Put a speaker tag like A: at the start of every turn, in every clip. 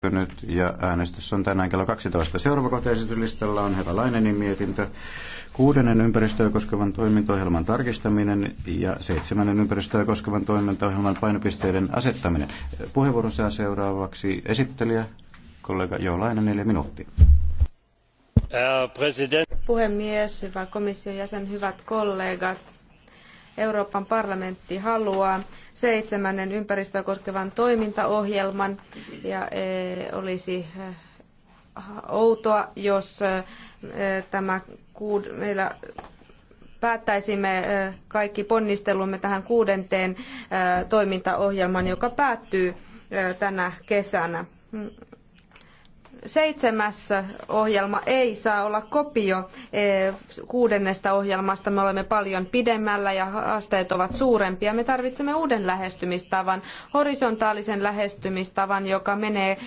A: päättynyt ja äänestys on tänään kello 12. Seuraava kohta esityslistalla on Heva Lainenin mietintö, kuudennen ympäristöä koskevan toimintaohjelman tarkistaminen ja seitsemännen ympäristöä koskevan toimintaohjelman painopisteiden asettaminen. Puheenvuoron saa seuraavaksi esittelijä, kollega Jo Lainen, neljä minuuttia.
B: Puhemies, hyvä komission jäsen, hyvät kollegat Euroopan parlamentti haluaa seitsemännen ympäristöä koskevan toimintaohjelman ja e, olisi eh, outoa, jos e, e, tämä kuud- meillä päättäisimme kaikki ponnistelumme tähän kuudenteen toimintaohjelman, joka päättyy tänä kesänä seitsemäs ohjelma ei saa olla kopio e, kuudennesta ohjelmasta. Me olemme paljon pidemmällä ja haasteet ovat suurempia. Me tarvitsemme uuden lähestymistavan, horisontaalisen lähestymistavan, joka menee e,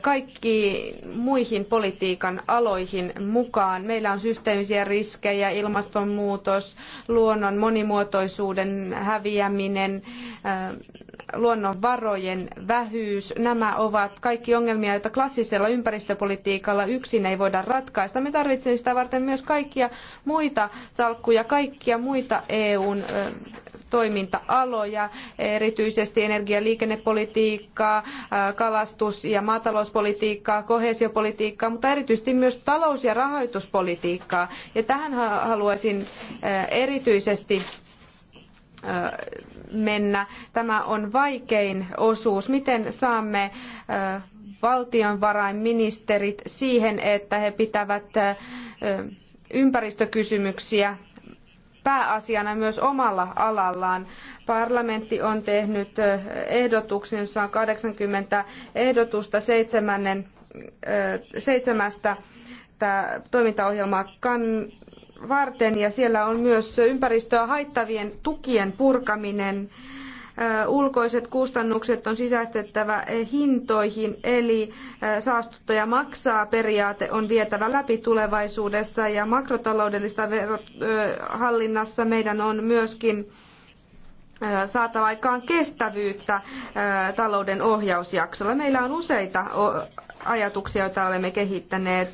B: kaikki muihin politiikan aloihin mukaan. Meillä on systeemisiä riskejä, ilmastonmuutos, luonnon monimuotoisuuden häviäminen, e, luonnonvarojen vähyys, nämä ovat kaikki ongelmia, joita klassisella ympäristöpolitiikalla yksin ei voida ratkaista. Me tarvitsemme sitä varten myös kaikkia muita salkkuja, kaikkia muita EUn toiminta-aloja, erityisesti energia- ja liikennepolitiikkaa, kalastus- ja maatalouspolitiikkaa, koheesiopolitiikkaa, mutta erityisesti myös talous- ja rahoituspolitiikkaa. Ja tähän haluaisin erityisesti mennä. Tämä on vaikein osuus. Miten saamme valtionvarainministerit siihen, että he pitävät ympäristökysymyksiä pääasiana myös omalla alallaan. Parlamentti on tehnyt ehdotuksen, jossa on 80 ehdotusta seitsemästä toimintaohjelmaa kan, varten ja siellä on myös ympäristöä haittavien tukien purkaminen. Ulkoiset kustannukset on sisäistettävä e, hintoihin, eli e, saastuttaja maksaa periaate on vietävä läpi tulevaisuudessa ja makrotaloudellista hallinnassa meidän on myöskin saatava aikaan kestävyyttä talouden ohjausjaksolla. Meillä on useita ajatuksia, joita olemme kehittäneet.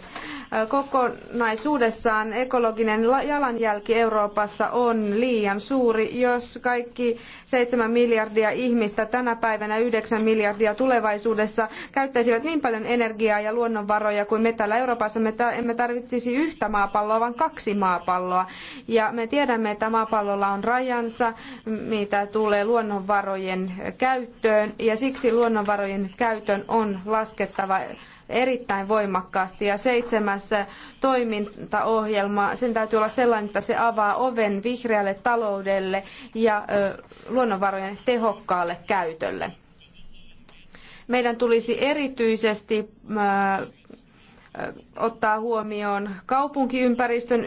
B: Kokonaisuudessaan ekologinen jalanjälki Euroopassa on liian suuri, jos kaikki 7 miljardia ihmistä tänä päivänä 9 miljardia tulevaisuudessa käyttäisivät niin paljon energiaa ja luonnonvaroja kuin me täällä Euroopassa. Me emme tarvitsisi yhtä maapalloa, vaan kaksi maapalloa. Ja me tiedämme, että maapallolla on rajansa, mitä tulee luonnonvarojen käyttöön, ja siksi luonnonvarojen käytön on laskettava erittäin voimakkaasti. Ja seitsemäs toimintaohjelma, sen täytyy olla sellainen, että se avaa oven vihreälle taloudelle ja luonnonvarojen tehokkaalle käytölle. Meidän tulisi erityisesti ottaa huomioon kaupunkiympäristön.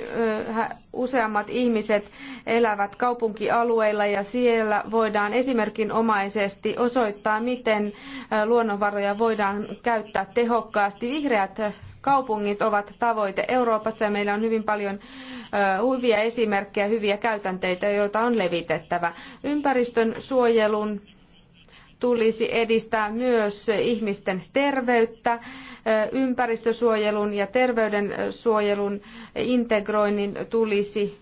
B: Useammat ihmiset elävät kaupunkialueilla ja siellä voidaan esimerkinomaisesti osoittaa, miten luonnonvaroja voidaan käyttää tehokkaasti. Vihreät kaupungit ovat tavoite Euroopassa ja meillä on hyvin paljon hyviä esimerkkejä, hyviä käytänteitä, joita on levitettävä. Ympäristön suojelun tulisi edistää myös ihmisten terveyttä, ympäristösuojelun ja terveydensuojelun integroinnin tulisi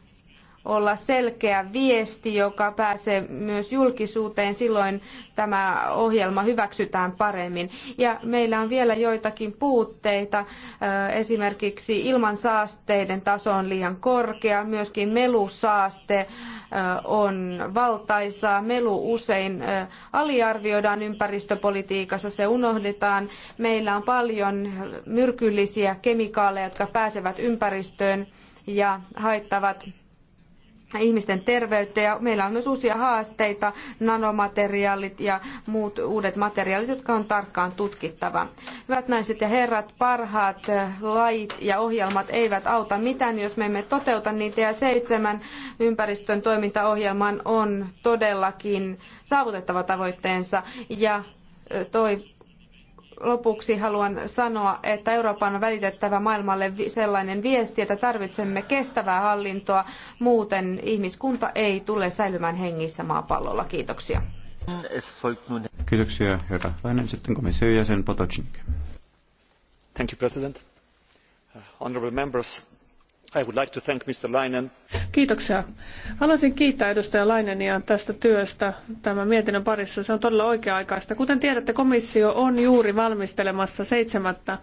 B: olla selkeä viesti, joka pääsee myös julkisuuteen. Silloin tämä ohjelma hyväksytään paremmin. Ja meillä on vielä joitakin puutteita. Esimerkiksi ilmansaasteiden taso on liian korkea. Myöskin melusaaste on valtaisaa. Melu usein aliarvioidaan ympäristöpolitiikassa, se unohdetaan. Meillä on paljon myrkyllisiä kemikaaleja, jotka pääsevät ympäristöön ja haittavat ihmisten terveyttä ja meillä on myös uusia haasteita, nanomateriaalit ja muut uudet materiaalit, jotka on tarkkaan tutkittava. Hyvät naiset ja herrat, parhaat eh, lait ja ohjelmat eivät auta mitään, jos me emme toteuta niitä ja seitsemän ympäristön toimintaohjelman on todellakin saavutettava tavoitteensa ja eh, toi lopuksi haluan sanoa, että Euroopan on välitettävä maailmalle sellainen viesti, että tarvitsemme kestävää hallintoa, muuten ihmiskunta ei tule säilymään hengissä maapallolla. Kiitoksia.
A: Kiitoksia, herra Lainen. Sitten komission jäsen Potocnik.
C: Thank you, President. Uh, honorable members, I would like to thank Mr. Leinen.
D: Kiitoksia. Haluaisin kiittää edustaja Lainenia tästä työstä tämän mietinnön parissa. Se on todella oikea-aikaista. Kuten tiedätte, komissio on juuri valmistelemassa seitsemättä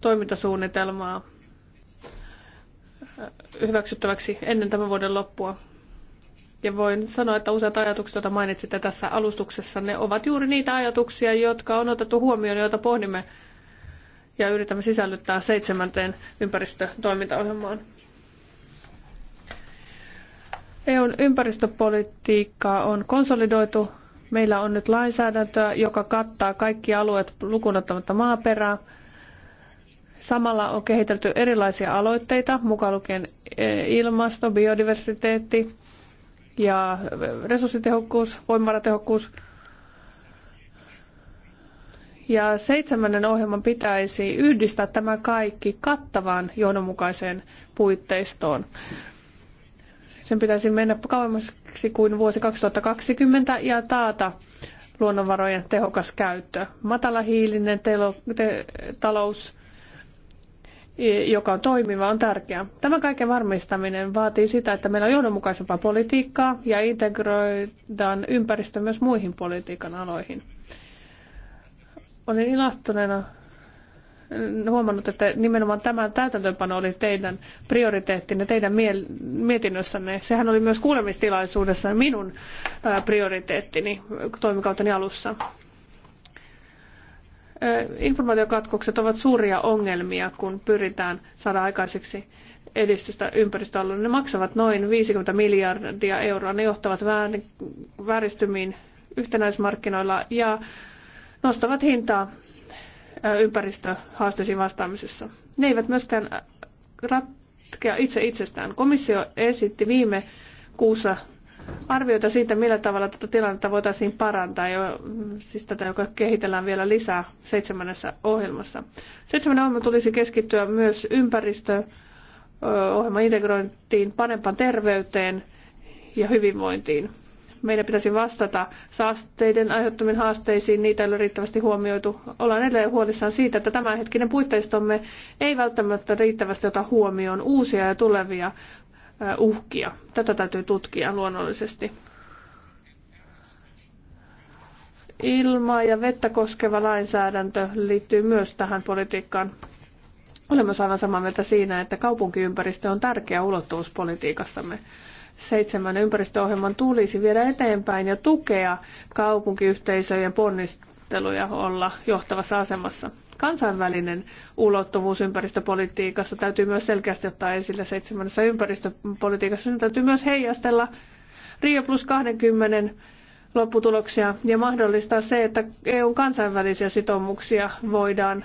D: toimintasuunnitelmaa hyväksyttäväksi ennen tämän vuoden loppua. Ja voin sanoa, että useat ajatukset, joita mainitsitte tässä alustuksessa, ne ovat juuri niitä ajatuksia, jotka on otettu huomioon, joita pohdimme ja yritämme sisällyttää seitsemänteen ympäristötoimintaohjelmaan. EUn ympäristöpolitiikkaa on konsolidoitu. Meillä on nyt lainsäädäntöä, joka kattaa kaikki alueet lukunottamatta maaperää. Samalla on kehitelty erilaisia aloitteita, mukaan lukien e, ilmasto, biodiversiteetti ja resurssitehokkuus, voimavaratehokkuus. Ja seitsemännen ohjelman pitäisi yhdistää tämä kaikki kattavaan johdonmukaiseen puitteistoon. Sen pitäisi mennä kauemmaksi kuin vuosi 2020 ja taata luonnonvarojen tehokas käyttö. hiilinen telo, te, talous, joka on toimiva, on tärkeää. Tämän kaiken varmistaminen vaatii sitä, että meillä on johdonmukaisempaa politiikkaa ja integroidaan ympäristö myös muihin politiikan aloihin. Olin ilahtuneena huomannut, että nimenomaan tämä täytäntöönpano oli teidän prioriteettinne, teidän mietinnössänne. Sehän oli myös kuulemistilaisuudessa minun prioriteettini toimikauteni alussa. Informaatiokatkokset ovat suuria ongelmia, kun pyritään saada aikaiseksi edistystä ympäristöalueella. Ne maksavat noin 50 miljardia euroa. Ne johtavat vääristymiin yhtenäismarkkinoilla ja nostavat hintaa ympäristöhaasteisiin vastaamisessa. Ne eivät myöskään ratkea itse itsestään. Komissio esitti viime kuussa arvioita siitä, millä tavalla tätä tilannetta voitaisiin parantaa, jo, siis tätä, joka kehitellään vielä lisää seitsemännessä ohjelmassa. Seitsemännen ohjelma tulisi keskittyä myös ympäristöohjelman integrointiin, parempaan terveyteen ja hyvinvointiin. Meidän pitäisi vastata saasteiden aiheuttamiin haasteisiin, niitä ei ole riittävästi huomioitu. Ollaan edelleen huolissaan siitä, että tämänhetkinen puitteistomme ei välttämättä riittävästi ota huomioon uusia ja tulevia uhkia. Tätä täytyy tutkia luonnollisesti. Ilmaa ja vettä koskeva lainsäädäntö liittyy myös tähän politiikkaan. Olemme aivan samaa mieltä siinä, että kaupunkiympäristö on tärkeä ulottuvuus politiikassamme seitsemän ympäristöohjelman tulisi viedä eteenpäin ja tukea kaupunkiyhteisöjen ponnisteluja olla johtavassa asemassa. Kansainvälinen ulottuvuus ympäristöpolitiikassa täytyy myös selkeästi ottaa esille seitsemännessä ympäristöpolitiikassa. Sen täytyy myös heijastella Rio plus 20 lopputuloksia ja mahdollistaa se, että EUn kansainvälisiä sitoumuksia voidaan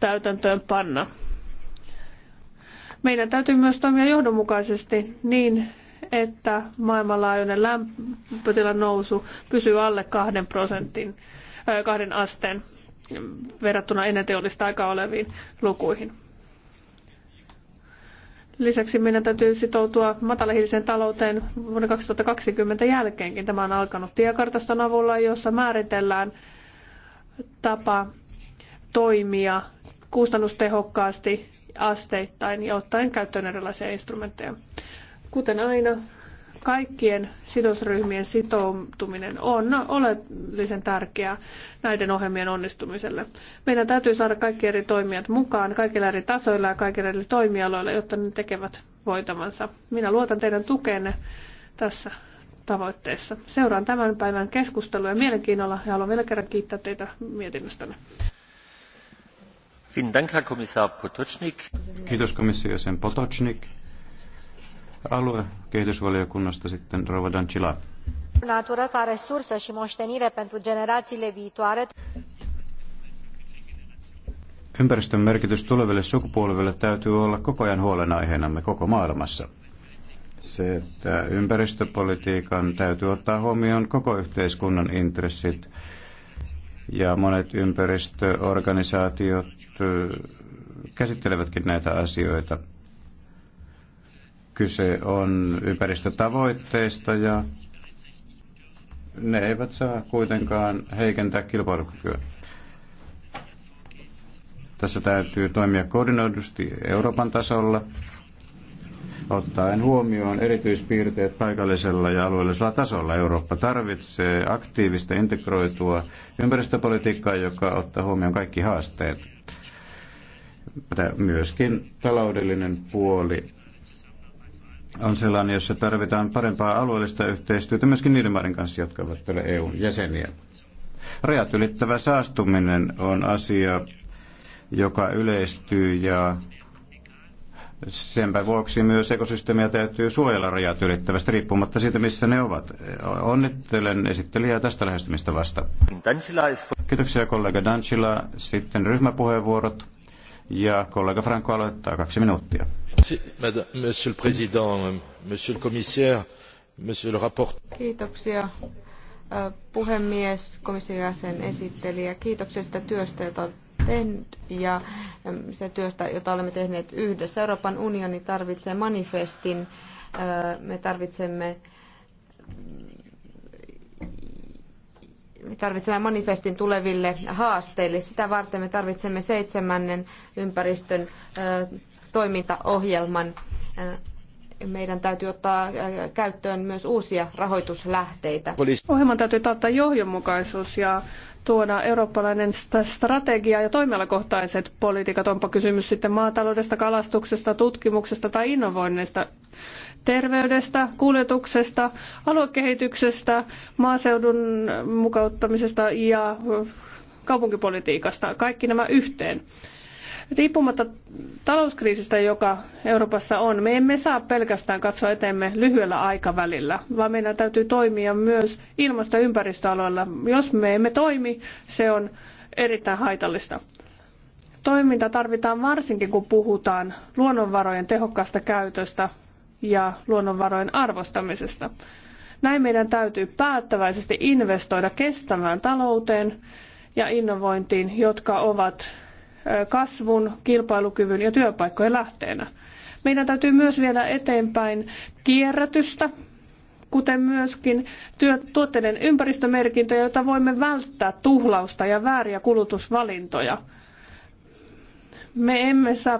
D: täytäntöön panna. Meidän täytyy myös toimia johdonmukaisesti niin, että maailmanlaajuinen lämpötilan nousu pysyy alle kahden prosentin, kahden asteen verrattuna ennen teollista aikaa oleviin lukuihin. Lisäksi meidän täytyy sitoutua matalahiiliseen talouteen vuoden 2020 jälkeenkin. Tämä on alkanut tiekartaston avulla, jossa määritellään tapa toimia kustannustehokkaasti asteittain ja ottaen käyttöön erilaisia instrumentteja. Kuten aina, kaikkien sidosryhmien sitoutuminen on oleellisen tärkeää näiden ohjelmien onnistumiselle. Meidän täytyy saada kaikki eri toimijat mukaan, kaikilla eri tasoilla ja kaikilla eri toimialoilla, jotta ne tekevät voitavansa. Minä luotan teidän tukeenne tässä tavoitteessa. Seuraan tämän päivän keskustelua ja mielenkiinnolla ja haluan vielä kerran kiittää teitä mietinnöstänne.
A: Kiitos komissio sen Potocnik. sitten Rova Dancila.
B: Natură ca resursă și moștenire pentru generațiile viitoare.
A: Ympäristön merkitys tuleville sukupolville täytyy olla koko ajan huolenaiheenamme koko maailmassa. Se, että ympäristöpolitiikan täytyy ottaa huomioon koko yhteiskunnan intressit ja monet ympäristöorganisaatiot käsittelevätkin näitä asioita. Kyse on ympäristötavoitteista ja ne eivät saa kuitenkaan heikentää kilpailukykyä. Tässä täytyy toimia koordinoidusti Euroopan tasolla ottaen huomioon erityispiirteet paikallisella ja alueellisella tasolla. Eurooppa tarvitsee aktiivista integroitua ympäristöpolitiikkaa, joka ottaa huomioon kaikki haasteet. Myöskin taloudellinen puoli on sellainen, jossa tarvitaan parempaa alueellista yhteistyötä myöskin niiden maiden kanssa, jotka ovat EUn jäseniä. Rajat ylittävä saastuminen on asia, joka yleistyy ja Senpä vuoksi myös ekosysteemiä täytyy suojella rajat ylittävästi riippumatta siitä, missä ne ovat. Onnittelen esittelijää tästä lähestymistä vasta. Kiitoksia kollega Dancila. Sitten ryhmäpuheenvuorot. Ja kollega Franco aloittaa kaksi minuuttia. Monsieur le Président, Monsieur le Commissaire, Monsieur le Rapporteur.
B: Kiitoksia äh, puhemies, komission jäsen esittelijä. Kiitoksia sitä työstä, jota Bend ja se työstä, jota olemme tehneet yhdessä. Euroopan unioni tarvitsee manifestin. Me tarvitsemme me tarvitsemme manifestin tuleville haasteille. Sitä varten me tarvitsemme seitsemännen ympäristön toimintaohjelman.
D: Meidän täytyy ottaa käyttöön myös uusia rahoituslähteitä. Ohjelman täytyy taata johdonmukaisuus ja tuoda eurooppalainen strategia ja toimialakohtaiset politiikat, onpa kysymys sitten maataloudesta, kalastuksesta, tutkimuksesta tai innovoinneista terveydestä, kuljetuksesta, aluekehityksestä, maaseudun mukauttamisesta ja kaupunkipolitiikasta, kaikki nämä yhteen. Riippumatta talouskriisistä, joka Euroopassa on, me emme saa pelkästään katsoa eteemme lyhyellä aikavälillä, vaan meidän täytyy toimia myös ilmasto- ja ympäristöaloilla. Jos me emme toimi, se on erittäin haitallista. Toiminta tarvitaan varsinkin, kun puhutaan luonnonvarojen tehokkaasta käytöstä ja luonnonvarojen arvostamisesta. Näin meidän täytyy päättäväisesti investoida kestävään talouteen ja innovointiin, jotka ovat kasvun, kilpailukyvyn ja työpaikkojen lähteenä. Meidän täytyy myös viedä eteenpäin kierrätystä, kuten myöskin tuotteiden ympäristömerkintöjä, joita voimme välttää tuhlausta ja vääriä kulutusvalintoja. Me emme saa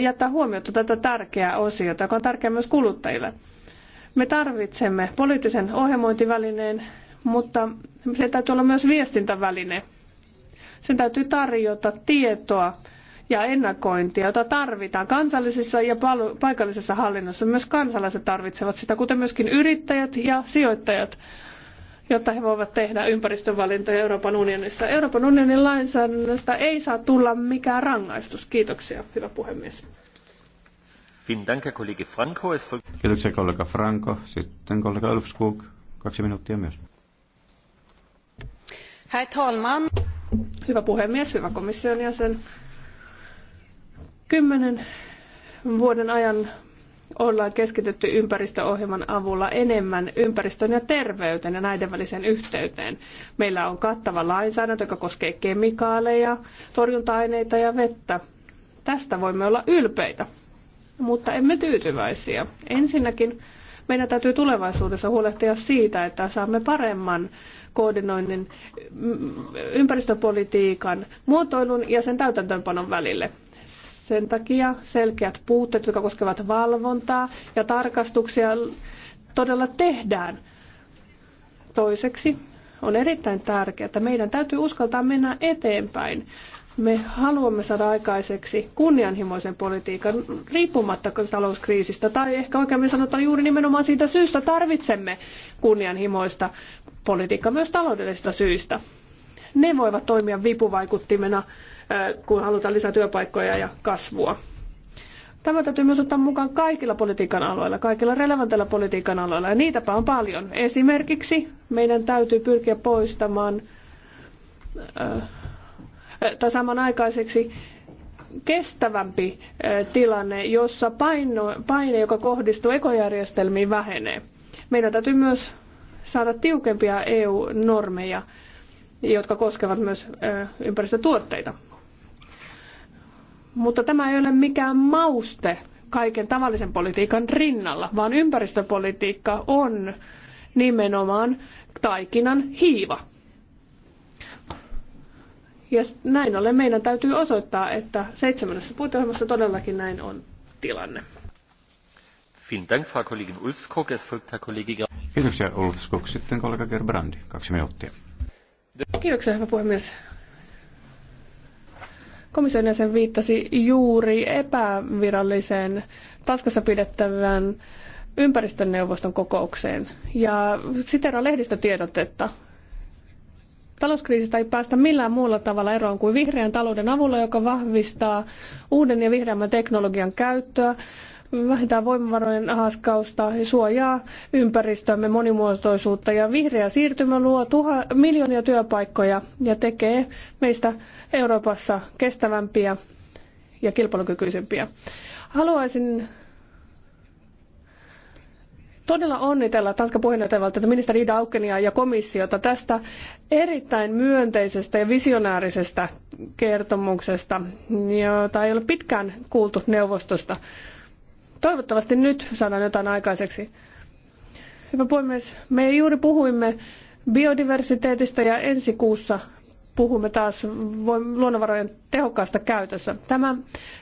D: jättää huomiota tätä tärkeää osiota, joka on tärkeä myös kuluttajille. Me tarvitsemme poliittisen ohjelmointivälineen, mutta se täytyy olla myös viestintäväline – sen täytyy tarjota tietoa ja ennakointia, jota tarvitaan kansallisessa ja paikallisessa hallinnossa. Myös kansalaiset tarvitsevat sitä, kuten myöskin yrittäjät ja sijoittajat, jotta he voivat tehdä ympäristövalintoja Euroopan unionissa. Euroopan unionin lainsäädännöstä ei saa tulla mikään rangaistus. Kiitoksia, hyvä puhemies.
A: Kiitoksia kollega Franco. Sitten kollega Ulfskog, kaksi minuuttia myös.
D: Herr talman! Hyvä puhemies, hyvä komission jäsen. Kymmenen vuoden ajan ollaan keskitytty ympäristöohjelman avulla enemmän ympäristön ja terveyteen ja näiden väliseen yhteyteen. Meillä on kattava lainsäädäntö, joka koskee kemikaaleja, torjunta-aineita ja vettä. Tästä voimme olla ylpeitä, mutta emme tyytyväisiä. Ensinnäkin meidän täytyy tulevaisuudessa huolehtia siitä, että saamme paremman koordinoinnin mm, ympäristöpolitiikan muotoilun ja sen täytäntöönpanon välille. Sen takia selkeät puutteet, jotka koskevat valvontaa ja tarkastuksia, todella tehdään. Toiseksi on erittäin tärkeää, että meidän täytyy uskaltaa mennä eteenpäin. Me haluamme saada aikaiseksi kunnianhimoisen politiikan riippumatta talouskriisistä, tai ehkä oikeammin sanotaan juuri nimenomaan siitä syystä tarvitsemme kunnianhimoista politiikka myös taloudellisista syistä. Ne voivat toimia vipuvaikuttimena, kun halutaan lisää työpaikkoja ja kasvua. Tämä täytyy myös ottaa mukaan kaikilla politiikan aloilla, kaikilla relevanteilla politiikan aloilla, ja niitäpä on paljon. Esimerkiksi meidän täytyy pyrkiä poistamaan tai samanaikaiseksi kestävämpi tilanne, jossa paino, paine, joka kohdistuu ekojärjestelmiin, vähenee. Meidän täytyy myös saada tiukempia EU-normeja, jotka koskevat myös ympäristötuotteita. Mutta tämä ei ole mikään mauste kaiken tavallisen politiikan rinnalla, vaan ympäristöpolitiikka on nimenomaan taikinan hiiva. Ja näin ollen meidän täytyy osoittaa, että seitsemännessä puiteohjelmassa todellakin näin on tilanne.
C: Vielen Dank, Frau Kollegin Ulfskog. Es folgt Herr Kollege Kiitoksia Ulf Skog.
A: Sitten kollega Gerbrandi, kaksi minuuttia.
D: Kiitoksia, hyvä puhemies. Komission jäsen viittasi juuri epäviralliseen Tanskassa pidettävän ympäristöneuvoston kokoukseen. Ja siteraa että Talouskriisistä ei päästä millään muulla tavalla eroon kuin vihreän talouden avulla, joka vahvistaa uuden ja vihreämmän teknologian käyttöä, vähentää voimavarojen haaskausta ja suojaa ympäristömme monimuotoisuutta. Ja vihreä siirtymä luo tuha, miljoonia työpaikkoja ja tekee meistä Euroopassa kestävämpiä ja kilpailukykyisempiä. Haluaisin todella onnitella Tanskan puheenjohtajavaltiota ministeri Ida Aukenia ja komissiota tästä erittäin myönteisestä ja visionäärisestä kertomuksesta, jota ei ole pitkään kuultu neuvostosta. Toivottavasti nyt saadaan jotain aikaiseksi. Hyvä puhemies, me juuri puhuimme biodiversiteetistä ja ensi kuussa puhumme taas luonnonvarojen tehokkaasta käytössä. Tämä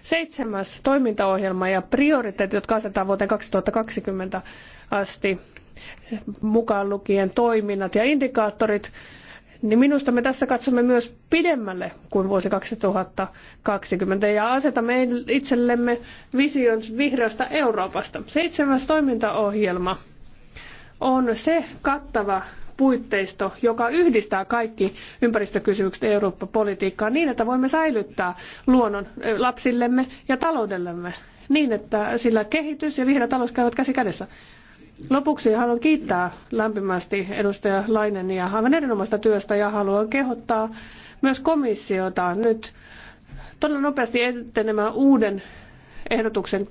D: seitsemäs toimintaohjelma ja prioriteetit, jotka asetetaan vuoteen 2020 asti, mukaan lukien toiminnat ja indikaattorit, niin minusta me tässä katsomme myös pidemmälle kuin vuosi 2020 ja asetamme itsellemme vision vihreästä Euroopasta. Seitsemäs toimintaohjelma on se kattava puitteisto, joka yhdistää kaikki ympäristökysymykset Eurooppa-politiikkaan niin, että voimme säilyttää luonnon lapsillemme ja taloudellemme niin, että sillä kehitys ja vihreä talous käyvät käsi kädessä. Lopuksi haluan kiittää lämpimästi edustaja Lainen ja aivan erinomaista työstä ja haluan kehottaa myös komissiota nyt todella nopeasti etenemään uuden ehdotuksen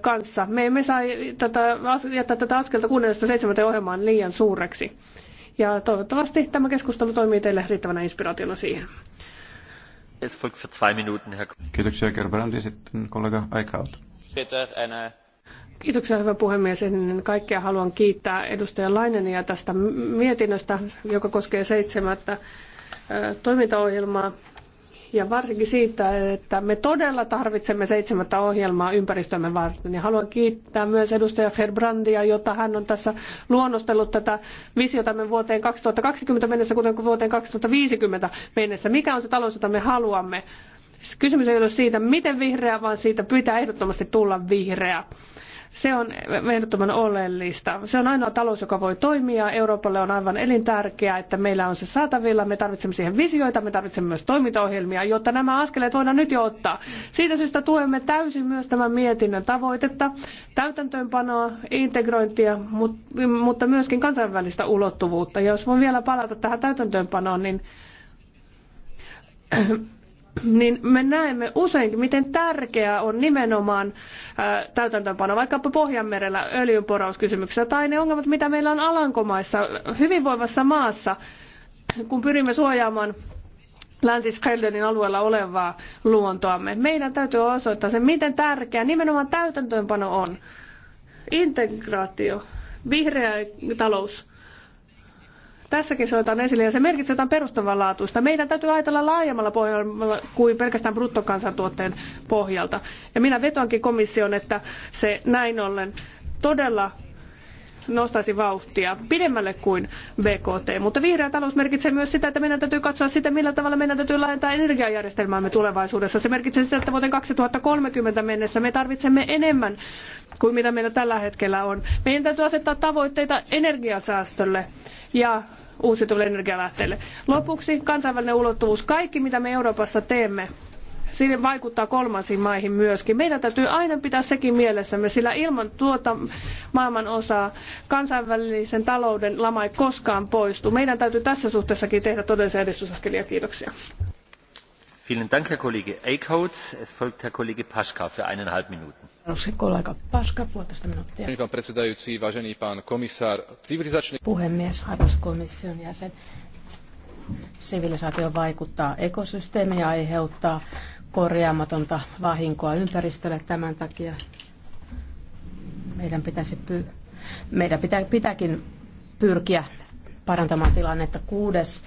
D: kanssa. Me emme saa tätä, jättää tätä askelta 6.7. ohjelmaan liian suureksi. Ja toivottavasti tämä keskustelu toimii teille riittävänä inspiraationa siihen.
A: Kiitoksia, Gerbrandi. Sitten kollega Aikaut.
C: Peter,
D: Kiitoksia, hyvä puhemies. Ennen kaikkea haluan kiittää edustaja Lainenia tästä mietinnöstä, joka koskee seitsemättä toimintaohjelmaa. Ja varsinkin siitä, että me todella tarvitsemme seitsemättä ohjelmaa ympäristömme varten. Ja haluan kiittää myös edustaja Herbrandia, jota hän on tässä luonnostellut tätä visiotamme vuoteen 2020 mennessä, kuten vuoteen 2050 mennessä. Mikä on se talous, jota me haluamme? Siis kysymys ei ole siitä, miten vihreä, vaan siitä pitää ehdottomasti tulla vihreä. Se on ehdottoman oleellista. Se on ainoa talous, joka voi toimia. Euroopalle on aivan elintärkeää, että meillä on se saatavilla. Me tarvitsemme siihen visioita, me tarvitsemme myös toimintaohjelmia, jotta nämä askeleet voidaan nyt jo ottaa. Siitä syystä tuemme täysin myös tämän mietinnön tavoitetta, täytäntöönpanoa, integrointia, mutta myöskin kansainvälistä ulottuvuutta. Ja jos voin vielä palata tähän täytäntöönpanoon, niin niin me näemme useinkin, miten tärkeää on nimenomaan äh, täytäntöönpano vaikkapa Pohjanmerellä öljynporauskysymyksessä tai ne ongelmat, mitä meillä on Alankomaissa, hyvinvoivassa maassa, kun pyrimme suojaamaan länsi alueella olevaa luontoamme. Meidän täytyy osoittaa se, miten tärkeää nimenomaan täytäntöönpano on. Integraatio, vihreä talous, tässäkin se otetaan esille ja se merkitsee jotain perustavanlaatuista. Meidän täytyy ajatella laajemmalla pohjalla kuin pelkästään bruttokansantuotteen pohjalta. Ja minä vetoankin komission, että se näin ollen todella nostaisi vauhtia pidemmälle kuin BKT. Mutta vihreä talous merkitsee myös sitä, että meidän täytyy katsoa sitä, millä tavalla meidän täytyy laajentaa energiajärjestelmäämme tulevaisuudessa. Se merkitsee sitä, että vuoteen 2030 mennessä me tarvitsemme enemmän kuin mitä meillä tällä hetkellä on. Meidän täytyy asettaa tavoitteita energiasäästölle ja uusiutuville energialähteille. Lopuksi kansainvälinen ulottuvuus. Kaikki, mitä me Euroopassa teemme, sille vaikuttaa kolmansiin maihin myöskin. Meidän täytyy aina pitää sekin mielessämme, sillä ilman tuota maailman osaa kansainvälisen talouden lama ei koskaan poistu. Meidän täytyy tässä suhteessakin tehdä todellisia edistysaskelia. Kiitoksia
E: puhemies arvoisa komission jäsen sivilisaatio vaikuttaa ekosysteemiin ja aiheuttaa korjaamatonta vahinkoa ympäristölle. Tämän takia meidän, pitäisi py- meidän pitää, pitääkin pyrkiä parantamaan tilannetta. Kuudes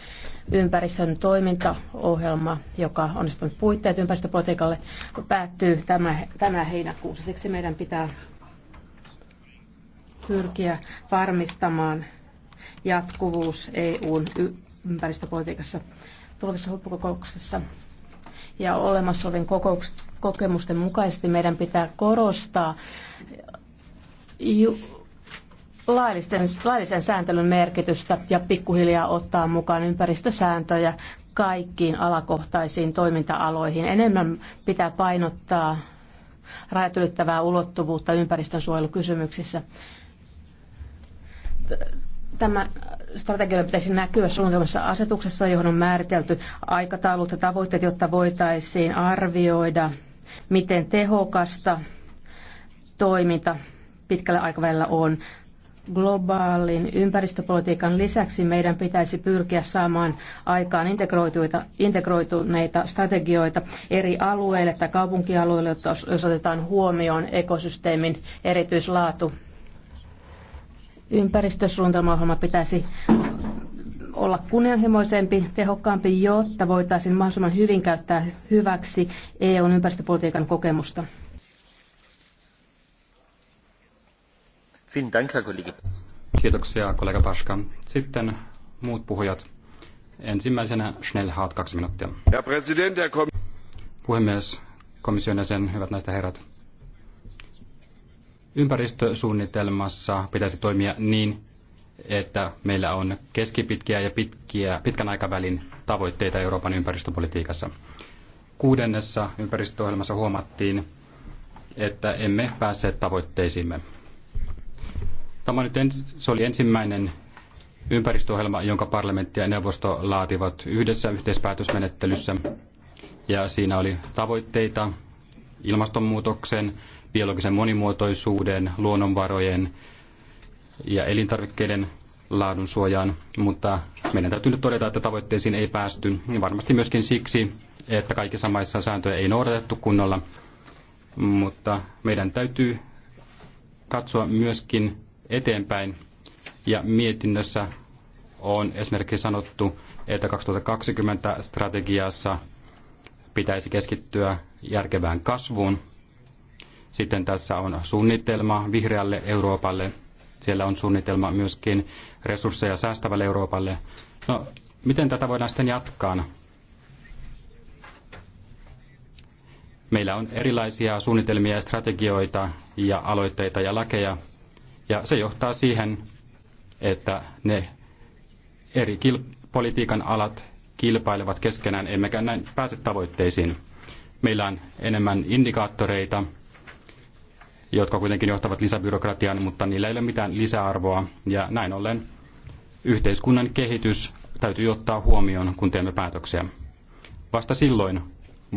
E: ympäristön toimintaohjelma, joka on sitten puitteet ympäristöpolitiikalle, päättyy tämä, tänä heinäkuussa. Siksi meidän pitää pyrkiä varmistamaan jatkuvuus EUn ympäristöpolitiikassa tulevissa huippukokouksessa ja olemassa olevien kokemusten mukaisesti meidän pitää korostaa laillisten, laillisen sääntelyn merkitystä ja pikkuhiljaa ottaa mukaan ympäristösääntöjä kaikkiin alakohtaisiin toiminta-aloihin. Enemmän pitää painottaa rajat ylittävää ulottuvuutta ympäristönsuojelukysymyksissä. Tämä strategia pitäisi näkyä suunnitelmassa asetuksessa, johon on määritelty aikataulut ja tavoitteet, jotta voitaisiin arvioida, miten tehokasta toiminta pitkällä aikavälillä on globaalin ympäristöpolitiikan lisäksi meidän pitäisi pyrkiä saamaan aikaan integroituneita strategioita eri alueille tai kaupunkialueille, jos otetaan huomioon ekosysteemin erityislaatu. Ympäristösuunnitelmaohjelma pitäisi olla kunnianhimoisempi, tehokkaampi, jotta voitaisiin mahdollisimman hyvin käyttää hyväksi EUn ympäristöpolitiikan kokemusta.
F: Kiitoksia, kollega Paska. Sitten muut puhujat. Ensimmäisenä Schnellhaat, kaksi minuuttia. Herr Präsident, Herr Kom- Puhemies, komission jäsen, hyvät näistä herrat. Ympäristösuunnitelmassa pitäisi toimia niin, että meillä on keskipitkiä ja pitkiä, pitkän aikavälin tavoitteita Euroopan ympäristöpolitiikassa. Kuudennessa ympäristöohjelmassa huomattiin, että emme päässeet tavoitteisiimme. Tämä nyt ens, se oli ensimmäinen ympäristöohjelma, jonka parlamentti ja neuvosto laativat yhdessä yhteispäätösmenettelyssä. Ja siinä oli tavoitteita ilmastonmuutoksen, biologisen monimuotoisuuden, luonnonvarojen ja elintarvikkeiden laadun suojaan, mutta meidän täytyy nyt todeta, että tavoitteisiin ei päästy. Varmasti myöskin siksi, että kaikissa maissa sääntöjä ei noudatettu kunnolla, mutta meidän täytyy katsoa myöskin eteenpäin. Ja mietinnössä on esimerkiksi sanottu, että 2020 strategiassa pitäisi keskittyä järkevään kasvuun. Sitten tässä on suunnitelma vihreälle Euroopalle. Siellä on suunnitelma myöskin resursseja säästävälle Euroopalle. No, miten tätä voidaan sitten jatkaa? Meillä on erilaisia suunnitelmia ja strategioita ja aloitteita ja lakeja, ja se johtaa siihen, että ne eri politiikan alat kilpailevat keskenään, emmekä näin pääse tavoitteisiin. Meillä on enemmän indikaattoreita, jotka kuitenkin johtavat lisäbyrokratiaan, mutta niillä ei ole mitään lisäarvoa. Ja näin ollen yhteiskunnan kehitys täytyy ottaa huomioon, kun teemme päätöksiä. Vasta silloin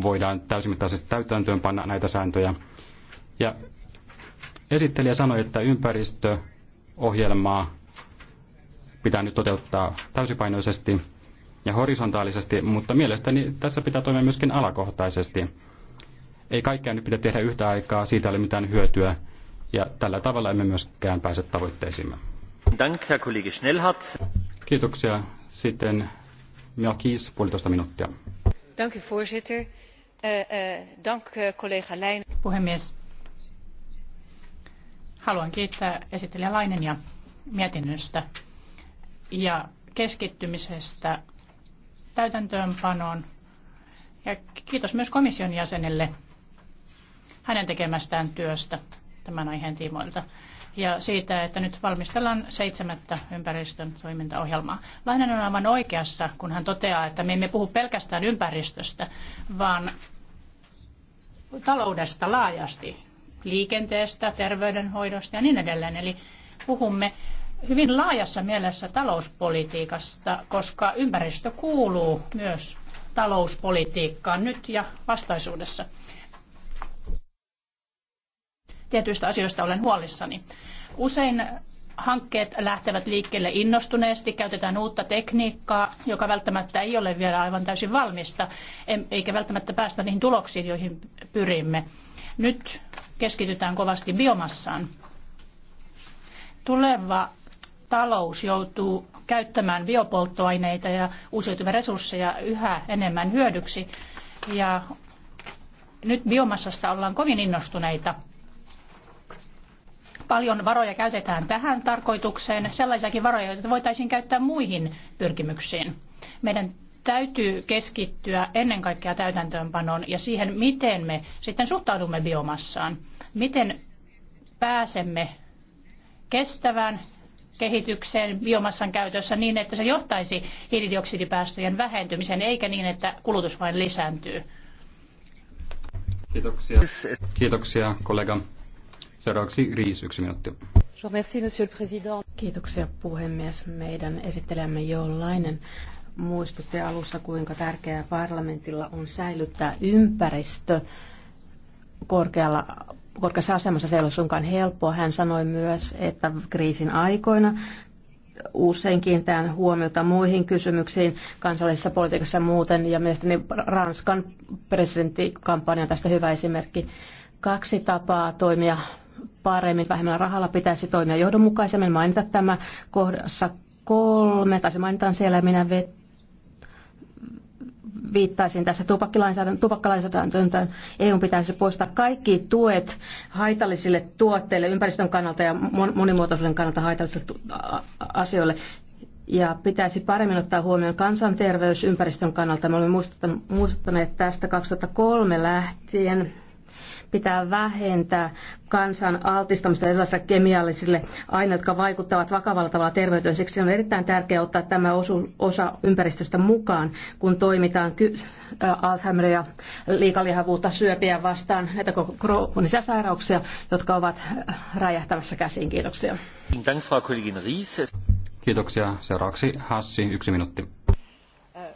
F: voidaan täysimittaisesti täytäntöön panna näitä sääntöjä. Ja Esittelijä sanoi, että ympäristöohjelmaa pitää nyt toteuttaa täysipainoisesti ja horisontaalisesti, mutta mielestäni tässä pitää toimia myöskin alakohtaisesti. Ei kaikkea nyt pitää tehdä yhtä aikaa, siitä ei ole mitään hyötyä, ja tällä tavalla emme myöskään pääse tavoitteisiimme. Dank, Herr Kollege Schnellhardt. Kiitoksia. Sitten Kiis, puolitoista minuuttia.
E: Dank, voorzitter. Eh, eh, dank, eh, collega Leijn.
G: Puhemies, Haluan kiittää esittelijä Lainen ja mietinnöstä ja keskittymisestä täytäntöönpanoon. Ja kiitos myös komission jäsenelle hänen tekemästään työstä tämän aiheen tiimoilta ja siitä, että nyt valmistellaan seitsemättä ympäristön toimintaohjelmaa. Lainen on aivan oikeassa, kun hän toteaa, että me emme puhu pelkästään ympäristöstä, vaan taloudesta laajasti liikenteestä, terveydenhoidosta ja niin edelleen. Eli puhumme hyvin laajassa mielessä talouspolitiikasta, koska ympäristö kuuluu myös talouspolitiikkaan nyt ja vastaisuudessa. Tietyistä asioista olen huolissani. Usein hankkeet lähtevät liikkeelle innostuneesti, käytetään uutta tekniikkaa, joka välttämättä ei ole vielä aivan täysin valmista, eikä välttämättä päästä niihin tuloksiin, joihin pyrimme. Nyt keskitytään kovasti biomassaan. Tuleva talous joutuu käyttämään biopolttoaineita ja uusiutuvia resursseja yhä enemmän hyödyksi. Ja nyt biomassasta ollaan kovin innostuneita. Paljon varoja käytetään tähän tarkoitukseen, sellaisiakin varoja, joita voitaisiin käyttää muihin pyrkimyksiin. Meidän täytyy keskittyä ennen kaikkea täytäntöönpanoon ja siihen, miten me sitten suhtaudumme biomassaan. Miten pääsemme kestävään kehitykseen biomassan käytössä niin, että se johtaisi hiilidioksidipäästöjen vähentymiseen, eikä niin, että kulutus vain lisääntyy.
F: Kiitoksia. Kiitoksia kollega. Seuraavaksi Riis, yksi minuutti.
G: Kiitoksia puhemies.
E: Meidän esittelemme jollainen muistutti alussa, kuinka tärkeää parlamentilla on säilyttää ympäristö korkealla korkeassa asemassa. Se ei ole suinkaan helppoa. Hän sanoi myös, että kriisin aikoina usein kiinnitään huomiota muihin kysymyksiin kansallisessa politiikassa muuten, ja mielestäni Ranskan presidenttikampanja tästä hyvä esimerkki. Kaksi tapaa toimia paremmin, vähemmällä rahalla pitäisi toimia johdonmukaisemmin, mainita tämä kohdassa kolme, tai se mainitaan siellä, minä vet, viittaisin tässä tupakkalainsäädäntöön. EU pitäisi poistaa kaikki tuet haitallisille tuotteille ympäristön kannalta ja monimuotoisuuden kannalta haitallisille asioille. Ja pitäisi paremmin ottaa huomioon kansanterveys ympäristön kannalta. Me olemme muistuttaneet tästä 2003 lähtien. Pitää vähentää kansan altistamista erilaisille kemiallisille aineille, jotka vaikuttavat vakavalla tavalla terveyteen. Siksi on erittäin tärkeää ottaa tämä osu, osa ympäristöstä mukaan, kun toimitaan ky- äh, Alzheimeria, liikalihavuutta, syöpiä vastaan, näitä kroonisia sairauksia, jotka ovat räjähtämässä käsiin. Kiitoksia.
F: Kiitoksia. Seuraavaksi Hassi, yksi minuutti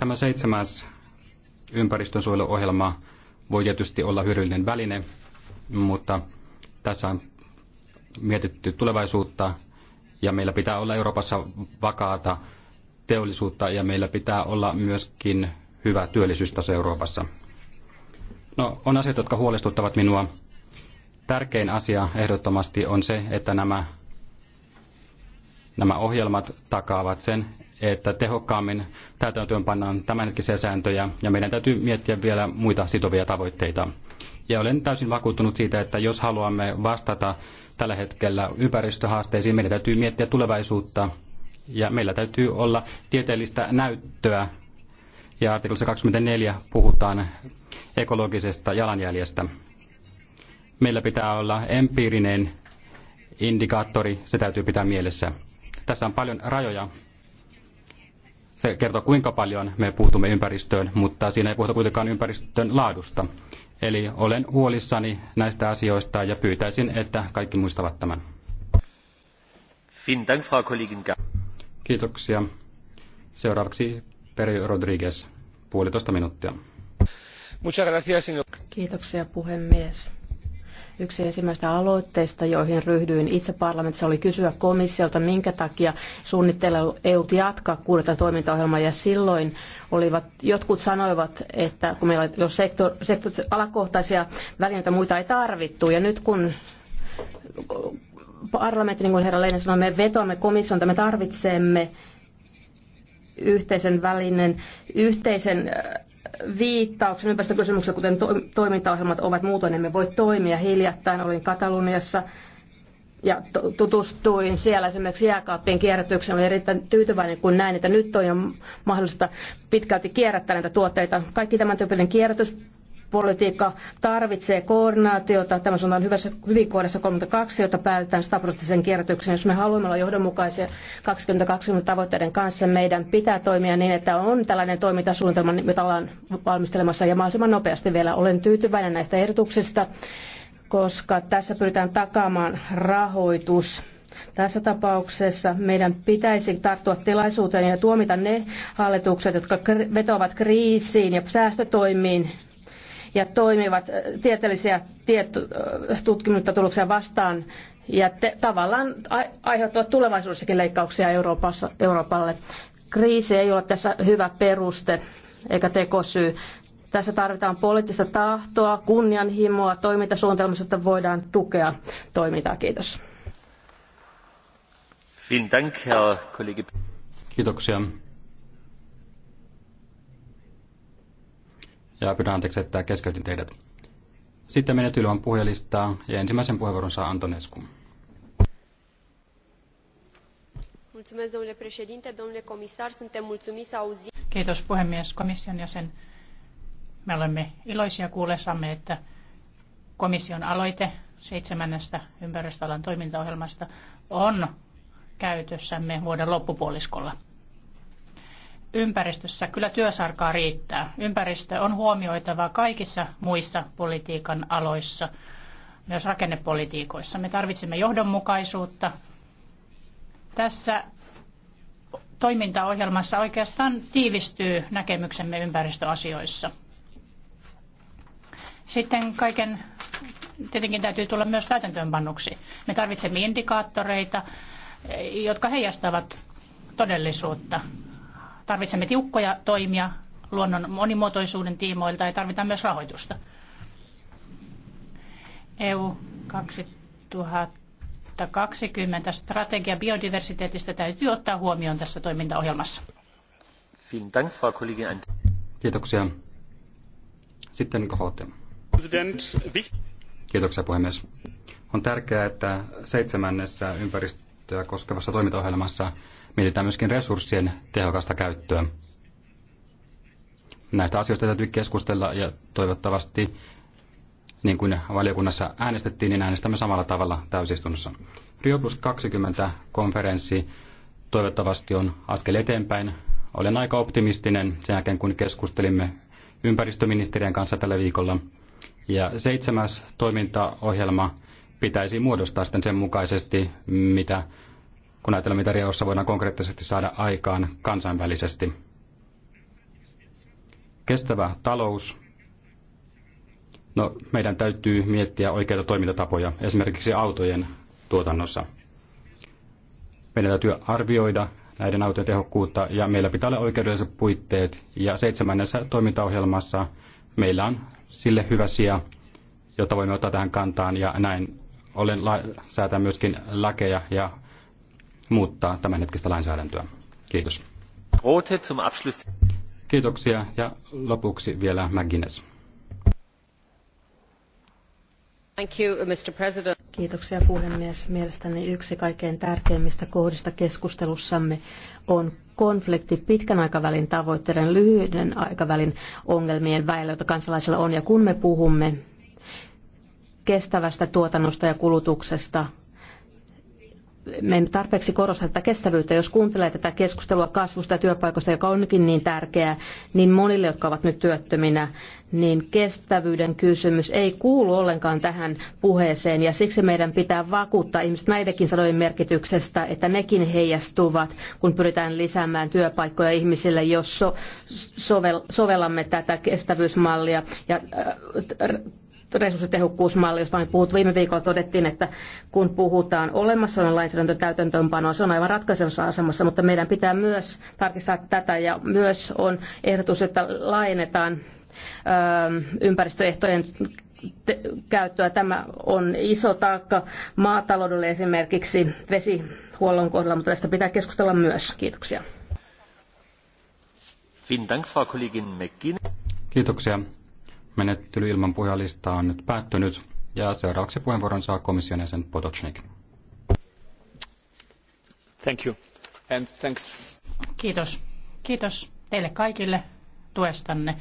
F: Tämä seitsemäs ympäristönsuojeluohjelma voi tietysti olla hyödyllinen väline, mutta tässä on mietitty tulevaisuutta ja meillä pitää olla Euroopassa vakaata teollisuutta ja meillä pitää olla myöskin hyvä työllisyystaso Euroopassa. No, on asiat, jotka huolestuttavat minua. Tärkein asia ehdottomasti on se, että nämä, nämä ohjelmat takaavat sen, että tehokkaammin täytäntöön pannaan tämänhetkisiä sääntöjä ja meidän täytyy miettiä vielä muita sitovia tavoitteita. Ja olen täysin vakuuttunut siitä, että jos haluamme vastata tällä hetkellä ympäristöhaasteisiin, meidän täytyy miettiä tulevaisuutta ja meillä täytyy olla tieteellistä näyttöä. Ja artiklassa 24 puhutaan ekologisesta jalanjäljestä. Meillä pitää olla empiirinen indikaattori, se täytyy pitää mielessä. Tässä on paljon rajoja, se kertoo, kuinka paljon me puutumme ympäristöön, mutta siinä ei puhuta kuitenkaan ympäristön laadusta. Eli olen huolissani näistä asioista ja pyytäisin, että kaikki muistavat tämän. Kiitoksia. Seuraavaksi Peri Rodriguez, puolitoista minuuttia.
E: Kiitoksia puhemies. Yksi ensimmäistä aloitteista, joihin ryhdyin itse parlamentissa, oli kysyä komissiolta, minkä takia suunnittelee EU jatkaa kuudetta toimintaohjelmaa. Ja silloin olivat, jotkut sanoivat, että kun meillä oli sektor, sektor, alakohtaisia välineitä, muita ei tarvittu. Ja nyt kun parlamentti, niin kuin herra Leinen sanoi, me vetoamme komission, että me tarvitsemme yhteisen välinen, yhteisen viittauksen ympäristökysymyksiä, kuten to- toimintaohjelmat ovat muutoin, emme niin voi toimia. Hiljattain olin Kataloniassa ja tutustuin siellä esimerkiksi jääkaappien kierrätykseen. Olen erittäin tyytyväinen, kun näin, että nyt on jo mahdollista pitkälti kierrättää näitä tuotteita. Kaikki tämän tyyppinen kierrätys politiikka tarvitsee koordinaatiota. Tämä sanotaan hyvässä, hyvin kohdassa 32, jotta päädytään 100 prosenttisen kierrätykseen. Jos me haluamme olla johdonmukaisia 2020 tavoitteiden kanssa, meidän pitää toimia niin, että on tällainen toimintasuunnitelma, jota ollaan valmistelemassa ja mahdollisimman nopeasti vielä. Olen tyytyväinen näistä ehdotuksista, koska tässä pyritään takaamaan rahoitus tässä tapauksessa meidän pitäisi tarttua tilaisuuteen ja tuomita ne hallitukset, jotka vetoavat kriisiin ja säästötoimiin ja toimivat äh, tieteellisiä äh, tutkimustuloksia vastaan ja te, tavallaan aiheuttavat tulevaisuudessakin leikkauksia Euroopassa, Euroopalle. Kriisi ei ole tässä hyvä peruste eikä tekosyy. Tässä tarvitaan poliittista tahtoa, kunnianhimoa, toimintasuunnitelmassa, että voidaan tukea toimintaa. Kiitos.
F: Kiitoksia. ja pyydän anteeksi, että keskeytin teidät. Sitten menet ilman puhelistaa ja ensimmäisen puheenvuoron saa Antonescu.
B: Mulțumesc, domnule președinte, domnule comisar,
G: suntem mulțumiți să auzi... Kiitos puhemies, komission jäsen. Me olemme iloisia kuullessamme, että komission aloite seitsemännestä ympäristöalan toimintaohjelmasta on käytössämme vuoden loppupuoliskolla ympäristössä kyllä työsarkaa riittää. Ympäristö on huomioitava kaikissa muissa politiikan aloissa, myös rakennepolitiikoissa. Me tarvitsemme johdonmukaisuutta. Tässä toimintaohjelmassa oikeastaan tiivistyy näkemyksemme ympäristöasioissa. Sitten kaiken tietenkin täytyy tulla myös täytäntöönpannuksi. Me tarvitsemme indikaattoreita, jotka heijastavat todellisuutta. Tarvitsemme tiukkoja toimia luonnon monimuotoisuuden tiimoilta ja tarvitaan myös rahoitusta. EU 2020 strategia biodiversiteetistä täytyy ottaa huomioon tässä toimintaohjelmassa.
F: Kiitoksia. Sitten kohote. Kiitoksia puhemies. On tärkeää, että seitsemännessä ympäristöä koskevassa toimintaohjelmassa Mietitään myöskin resurssien tehokasta käyttöä. Näistä asioista täytyy keskustella ja toivottavasti, niin kuin valiokunnassa äänestettiin, niin äänestämme samalla tavalla täysistunnossa. Rio Plus 20 konferenssi toivottavasti on askel eteenpäin. Olen aika optimistinen sen jälkeen, kun keskustelimme ympäristöministeriön kanssa tällä viikolla. Ja seitsemäs toimintaohjelma pitäisi muodostaa sitten sen mukaisesti, mitä kun ajatellaan, mitä Riossa voidaan konkreettisesti saada aikaan kansainvälisesti. Kestävä talous. No, meidän täytyy miettiä oikeita toimintatapoja, esimerkiksi autojen tuotannossa. Meidän täytyy arvioida näiden autojen tehokkuutta ja meillä pitää olla oikeudelliset puitteet. Ja seitsemännessä toimintaohjelmassa meillä on sille hyvä sija, jotta voimme ottaa tähän kantaan ja näin olen la- säätää myöskin lakeja ja muuttaa tämänhetkistä lainsäädäntöä. Kiitos. Rote zum Abschluss. Kiitoksia ja lopuksi vielä McGuinness.
E: Kiitoksia puhemies. Mielestäni yksi kaikkein tärkeimmistä kohdista keskustelussamme on konflikti pitkän aikavälin tavoitteiden lyhyiden aikavälin ongelmien väillä, joita kansalaisilla on. Ja kun me puhumme kestävästä tuotannosta ja kulutuksesta, me emme tarpeeksi korosta tätä kestävyyttä. Jos kuuntelee tätä keskustelua kasvusta ja työpaikoista, joka onkin niin tärkeää, niin monille, jotka ovat nyt työttöminä, niin kestävyyden kysymys ei kuulu ollenkaan tähän puheeseen. Ja siksi meidän pitää vakuuttaa ihmiset näidenkin sanojen merkityksestä, että nekin heijastuvat, kun pyritään lisäämään työpaikkoja ihmisille, jos so, sovel, sovellamme tätä kestävyysmallia ja äh, resurssitehokkuusmalli, josta me puhuttu viime viikolla, todettiin, että kun puhutaan olemassa olevan lainsäädäntö täytäntöönpanoa, se on aivan ratkaisevassa asemassa, mutta meidän pitää myös tarkistaa tätä ja myös on ehdotus, että laajennetaan ähm, ympäristöehtojen käyttöä. Tämä on iso taakka maataloudelle esimerkiksi vesihuollon kohdalla, mutta tästä pitää keskustella myös. Kiitoksia.
F: Kiitoksia. Menettely ilman puhujalistaa on nyt päättynyt ja seuraavaksi puheenvuoron saa komission jäsen Potocnik.
C: Thank you. And thanks.
G: Kiitos. Kiitos teille kaikille tuestanne.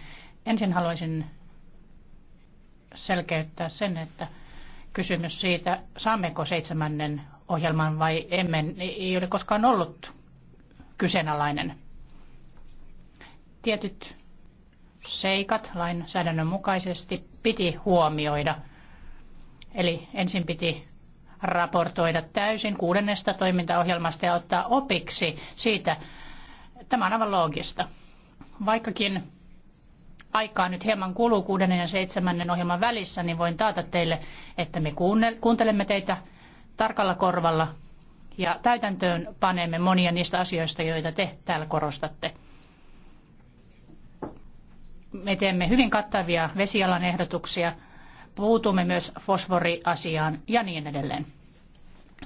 G: Ensin haluaisin selkeyttää sen, että kysymys siitä, saammeko seitsemännen ohjelman vai emme, ei ole koskaan ollut kyseenalainen. Tietyt seikat lainsäädännön mukaisesti piti huomioida. Eli ensin piti raportoida täysin kuudennesta toimintaohjelmasta ja ottaa opiksi siitä. Tämä on aivan loogista. Vaikkakin aikaa nyt hieman kuluu kuudennen ja seitsemännen ohjelman välissä, niin voin taata teille, että me kuuntelemme teitä tarkalla korvalla ja täytäntöön panemme monia niistä asioista, joita te täällä korostatte. Me teemme hyvin kattavia vesialan ehdotuksia, puutumme myös fosforiasiaan ja niin edelleen.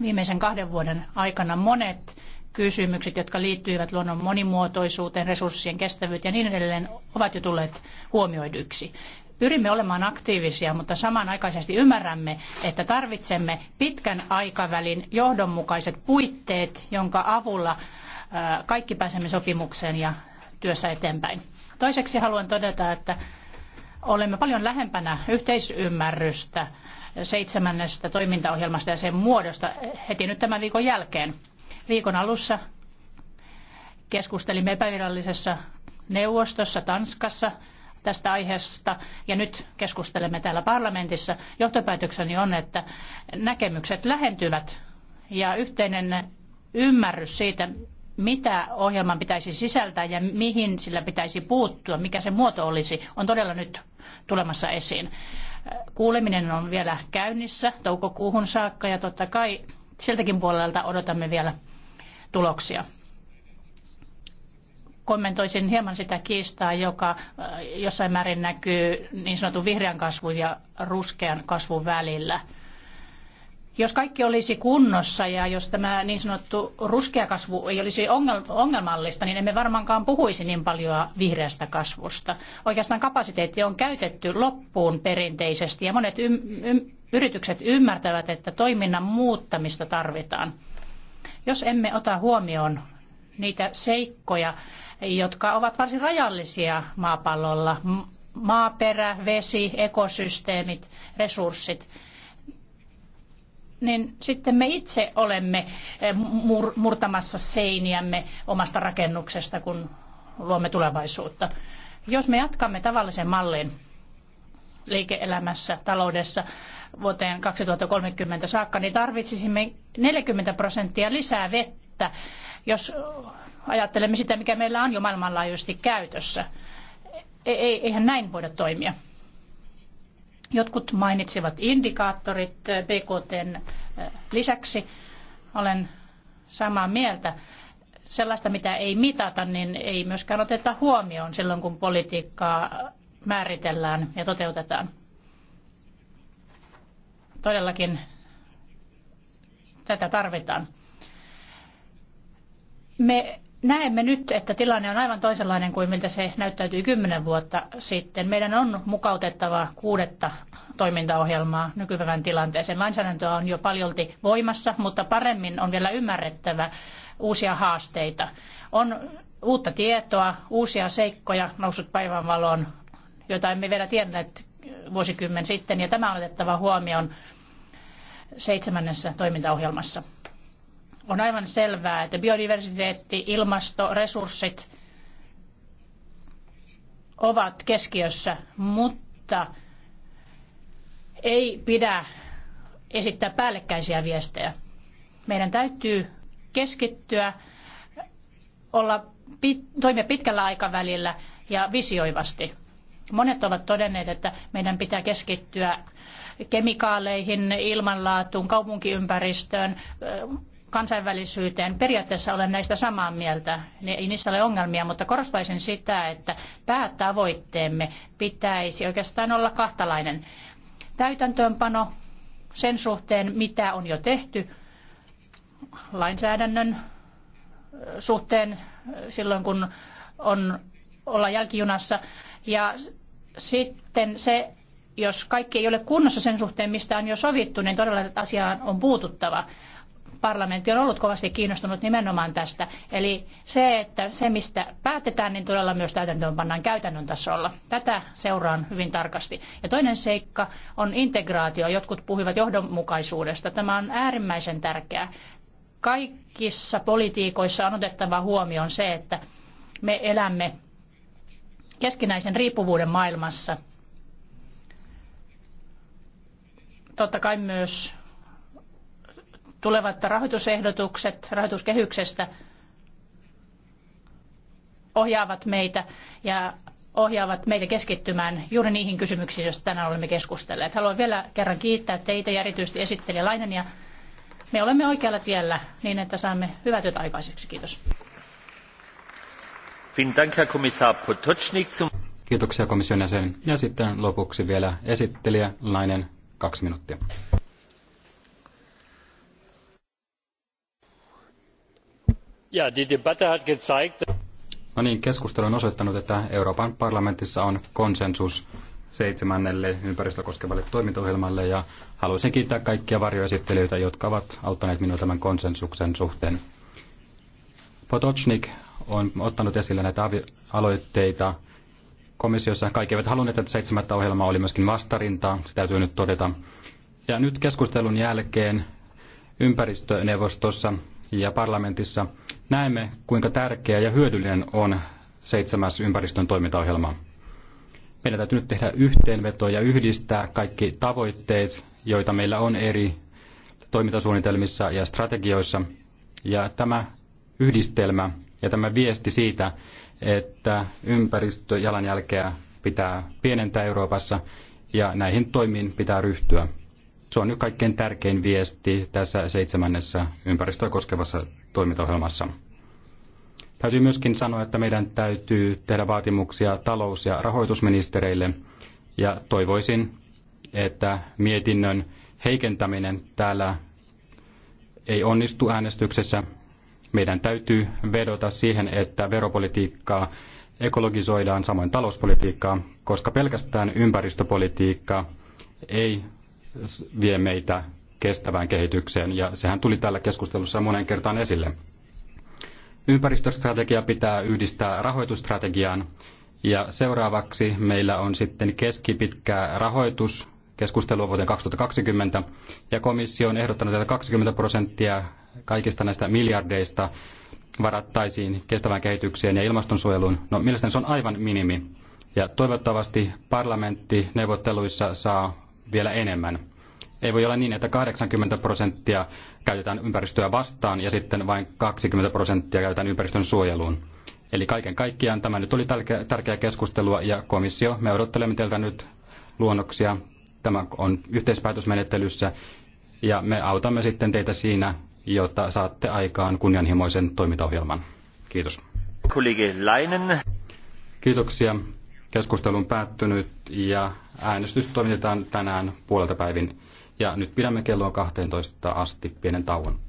G: Viimeisen kahden vuoden aikana monet kysymykset, jotka liittyivät luonnon monimuotoisuuteen, resurssien kestävyyteen ja niin edelleen, ovat jo tulleet huomioiduiksi. Pyrimme olemaan aktiivisia, mutta samanaikaisesti ymmärrämme, että tarvitsemme pitkän aikavälin johdonmukaiset puitteet, jonka avulla kaikki pääsemme sopimukseen ja työssä eteenpäin. Toiseksi haluan todeta, että olemme paljon lähempänä yhteisymmärrystä seitsemännestä toimintaohjelmasta ja sen muodosta heti nyt tämän viikon jälkeen. Viikon alussa keskustelimme epävirallisessa neuvostossa Tanskassa tästä aiheesta ja nyt keskustelemme täällä parlamentissa. Johtopäätökseni on, että näkemykset lähentyvät ja yhteinen ymmärrys siitä, mitä ohjelman pitäisi sisältää ja mihin sillä pitäisi puuttua, mikä se muoto olisi, on todella nyt tulemassa esiin. Kuuleminen on vielä käynnissä toukokuuhun saakka ja totta kai siltäkin puolelta odotamme vielä tuloksia. Kommentoisin hieman sitä kiistaa, joka äh, jossain määrin näkyy niin sanotun vihreän kasvun ja ruskean kasvun välillä – jos kaikki olisi kunnossa ja jos tämä niin sanottu ruskea kasvu ei olisi ongelmallista, niin emme varmaankaan puhuisi niin paljon vihreästä kasvusta. Oikeastaan kapasiteetti on käytetty loppuun perinteisesti ja monet yritykset ymmärtävät, että toiminnan muuttamista tarvitaan. Jos emme ota huomioon niitä seikkoja, jotka ovat varsin rajallisia maapallolla, maaperä, vesi, ekosysteemit, resurssit, niin sitten me itse olemme eh, mur- murtamassa seiniämme omasta rakennuksesta, kun luomme tulevaisuutta. Jos me jatkamme tavallisen mallin liike-elämässä, taloudessa vuoteen 2030 saakka, niin tarvitsisimme 40 prosenttia lisää vettä, jos ajattelemme sitä, mikä meillä on jo maailmanlaajuisesti käytössä. E-, e-, eihän näin voida toimia. Jotkut mainitsivat indikaattorit eh, BKT eh, lisäksi. Olen samaa mieltä. Sellaista, mitä ei mitata, niin ei myöskään oteta huomioon silloin, kun politiikkaa määritellään ja toteutetaan. Todellakin tätä tarvitaan. Me näemme nyt, että tilanne on aivan toisenlainen kuin miltä se näyttäytyi kymmenen vuotta sitten. Meidän on mukautettava kuudetta toimintaohjelmaa nykypäivän tilanteeseen. Lainsäädäntöä on jo paljolti voimassa, mutta paremmin on vielä ymmärrettävä uusia haasteita. On uutta tietoa, uusia seikkoja noussut päivänvaloon, joita emme vielä tienneet vuosikymmen sitten, ja tämä on otettava huomioon seitsemännessä toimintaohjelmassa. On aivan selvää, että biodiversiteetti, ilmasto, resurssit ovat keskiössä, mutta ei pidä esittää päällekkäisiä viestejä. Meidän täytyy keskittyä, olla, toimia pitkällä aikavälillä ja visioivasti. Monet ovat todenneet, että meidän pitää keskittyä kemikaaleihin, ilmanlaatuun, kaupunkiympäristöön, kansainvälisyyteen. Periaatteessa olen näistä samaa mieltä, ei niissä ole ongelmia, mutta korostaisin sitä, että päätavoitteemme pitäisi oikeastaan olla kahtalainen. Täytäntöönpano sen suhteen, mitä on jo tehty lainsäädännön suhteen silloin, kun on olla jälkijunassa. Ja sitten se, jos kaikki ei ole kunnossa sen suhteen, mistä on jo sovittu, niin todella asiaan on puututtava parlamentti on ollut kovasti kiinnostunut nimenomaan tästä. Eli se, että se mistä päätetään, niin todella myös täytäntöön pannaan käytännön tasolla. Tätä seuraan hyvin tarkasti. Ja toinen seikka on integraatio. Jotkut puhuivat johdonmukaisuudesta. Tämä on äärimmäisen tärkeää. Kaikissa politiikoissa on otettava huomioon se, että me elämme keskinäisen riippuvuuden maailmassa. Totta kai myös tulevat rahoitusehdotukset rahoituskehyksestä ohjaavat meitä ja ohjaavat meitä keskittymään juuri niihin kysymyksiin, joista tänään olemme keskustelleet. Haluan vielä kerran kiittää teitä ja erityisesti esittelijä Lainen ja me olemme oikealla tiellä niin, että saamme hyvät työt aikaiseksi. Kiitos.
F: Kiitoksia komission jäsen. Ja sitten lopuksi vielä esittelijä Lainen, kaksi minuuttia. No niin, keskustelu on osoittanut, että Euroopan parlamentissa on konsensus seitsemännelle ympäristöä koskevalle toimintaohjelmalle ja haluaisin kiittää kaikkia varjoesittelijöitä, jotka ovat auttaneet minua tämän konsensuksen suhteen. Potocnik on ottanut esille näitä aloitteita komissiossa. Kaikki eivät halunneet, että seitsemättä ohjelmaa oli myöskin vastarintaa, se täytyy nyt todeta. Ja nyt keskustelun jälkeen ympäristöneuvostossa ja parlamentissa näemme, kuinka tärkeä ja hyödyllinen on seitsemäs ympäristön toimintaohjelma. Meidän täytyy nyt tehdä yhteenveto ja yhdistää kaikki tavoitteet, joita meillä on eri toimintasuunnitelmissa ja strategioissa. Ja tämä yhdistelmä ja tämä viesti siitä, että ympäristöjalanjälkeä pitää pienentää Euroopassa ja näihin toimiin pitää ryhtyä. Se on nyt kaikkein tärkein viesti tässä seitsemännessä ympäristöä koskevassa toimintaohjelmassa. Täytyy myöskin sanoa, että meidän täytyy tehdä vaatimuksia talous- ja rahoitusministereille, ja toivoisin, että mietinnön heikentäminen täällä ei onnistu äänestyksessä. Meidän täytyy vedota siihen, että veropolitiikkaa ekologisoidaan samoin talouspolitiikkaa, koska pelkästään ympäristöpolitiikka ei vie meitä kestävään kehitykseen, ja sehän tuli tällä keskustelussa monen kertaan esille. Ympäristöstrategia pitää yhdistää rahoitusstrategiaan, ja seuraavaksi meillä on sitten keskipitkä rahoitus keskustelua vuoteen 2020, ja komissio on ehdottanut, että 20 prosenttia kaikista näistä miljardeista varattaisiin kestävään kehitykseen ja ilmastonsuojeluun. No mielestäni se on aivan minimi. Ja toivottavasti parlamentti neuvotteluissa saa vielä enemmän. Ei voi olla niin, että 80 prosenttia käytetään ympäristöä vastaan ja sitten vain 20 prosenttia käytetään ympäristön suojeluun. Eli kaiken kaikkiaan tämä nyt oli tärkeää keskustelua ja komissio, me odottelemme teiltä nyt luonnoksia. Tämä on yhteispäätösmenettelyssä ja me autamme sitten teitä siinä, jotta saatte aikaan kunnianhimoisen toimintaohjelman. Kiitos. Kollege Leinen. Kiitoksia. Keskustelu on päättynyt ja äänestys toimitetaan tänään puolelta päivin. Ja nyt pidämme kelloa 12 asti pienen tauon.